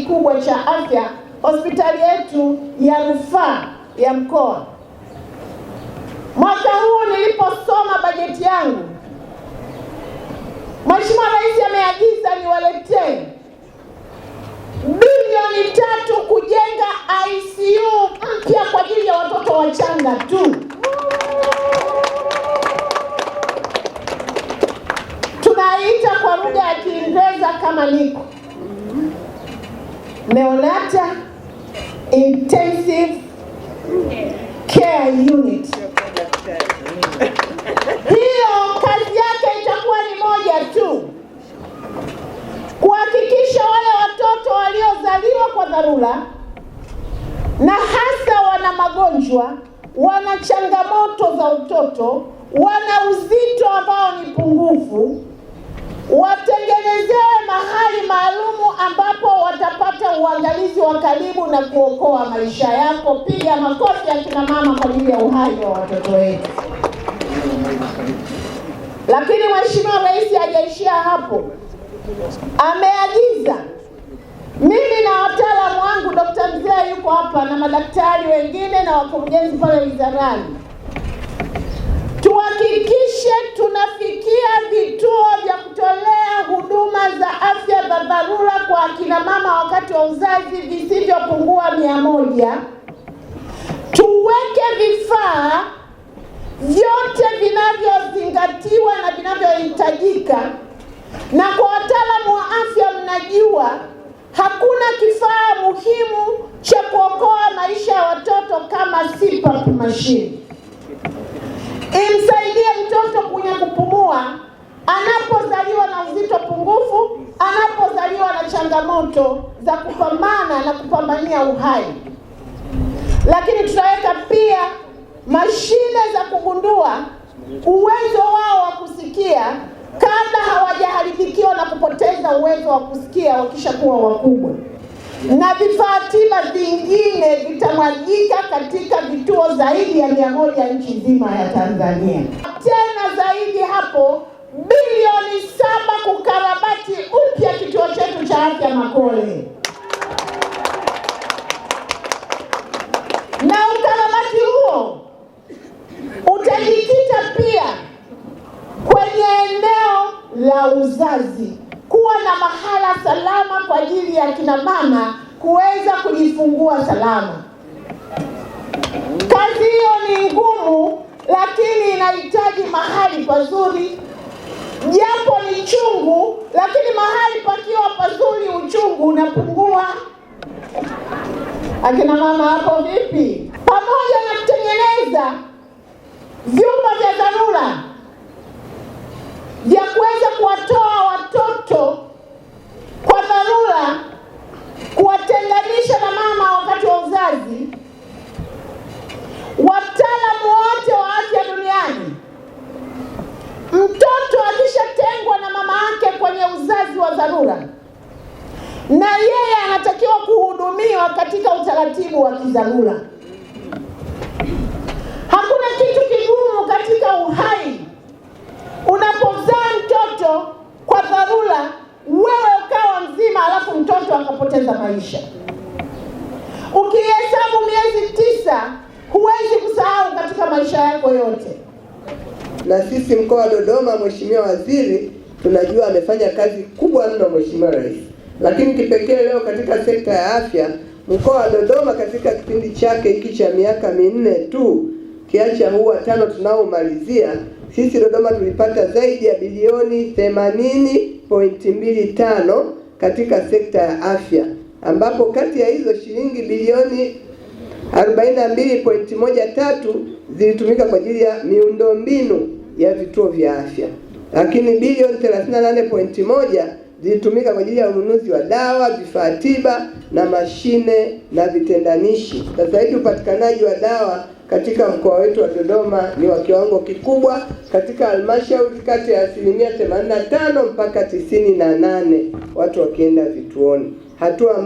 kikubwa cha afya hospitali yetu ya rufaa ya mkoa. Mwaka huu niliposoma bajeti yangu, Mheshimiwa Rais ameagiza niwaletee bilioni tatu kujenga ICU mpya kwa ajili ya watoto wachanga tu. tunaita kwa lugha ya Kiingereza kama niko Neonata Intensive Care Unit. Hiyo kazi yake itakuwa ni moja tu, kuhakikisha wale watoto waliozaliwa kwa dharura na hasa wana magonjwa, wana changamoto za utoto, wana uzito ambao ni pungufu watengenezee mahali maalumu ambapo watapata uangalizi wa karibu na kuokoa maisha yako. Piga makofi ya kina mama kwa ajili ya uhai wa watoto wetu. Lakini Mheshimiwa Rais hajaishia hapo, ameagiza mimi na wataalamu wangu, Dkt. Mzee yuko hapa na madaktari wengine na wakurugenzi pale wizarani, tuhakikishe tunafika pia vituo vya kutolea huduma za afya za dharura kwa akina mama wakati wa uzazi visivyopungua mia moja. Tuweke vifaa vyote vinavyozingatiwa na vinavyohitajika, na kwa wataalamu wa afya, mnajua hakuna kifaa muhimu cha kuokoa maisha ya watoto kama CPAP machine. anapozaliwa na changamoto za kupambana na kupambania uhai, lakini tunaweka pia mashine za kugundua uwezo wao wa kusikia kabla hawajaharibikiwa na kupoteza uwezo wa kusikia wakishakuwa wakubwa, na vifaa tiba vingine vitamwagika katika vituo zaidi ya mia moja nchi nzima ya Tanzania. Tena zaidi hapo bilioni saba kukarabati upya kituo chetu cha afya Makole, na ukarabati huo utajikita pia kwenye eneo la uzazi, kuwa na mahala salama kwa ajili ya kina mama kuweza kujifungua salama. Kazi hiyo ni ngumu, lakini inahitaji mahali pazuri japo ni chungu, lakini mahali pakiwa pazuri uchungu unapungua. Akina mama hapo vipi? Pamoja na kutengeneza utaratibu wa kizarura. Hakuna kitu kigumu katika uhai. Unapozaa mtoto kwa dharura, wewe ukawa mzima, alafu mtoto akapoteza maisha, ukihesabu miezi tisa, huwezi kusahau katika maisha yako yote. Na sisi mkoa wa Dodoma, Mheshimiwa Waziri, tunajua amefanya kazi kubwa mno Mheshimiwa Rais, lakini kipekee leo katika sekta ya afya Mkoa wa Dodoma katika kipindi chake hiki cha miaka minne tu, kiacha huu wa tano tunaomalizia, sisi Dodoma tulipata zaidi ya bilioni 80.25 katika sekta ya afya, ambapo kati ya hizo shilingi bilioni 42.13 zilitumika kwa ajili ya miundombinu ya vituo vya afya, lakini bilioni 38.1 zilitumika kwa ajili ya ununuzi wa dawa, vifaa tiba na mashine na vitendanishi. Sasa hivi upatikanaji wa dawa katika mkoa wetu wa Dodoma ni wa kiwango kikubwa, katika halmashauri kati ya asilimia 85 mpaka 98 watu wakienda vituoni, hatua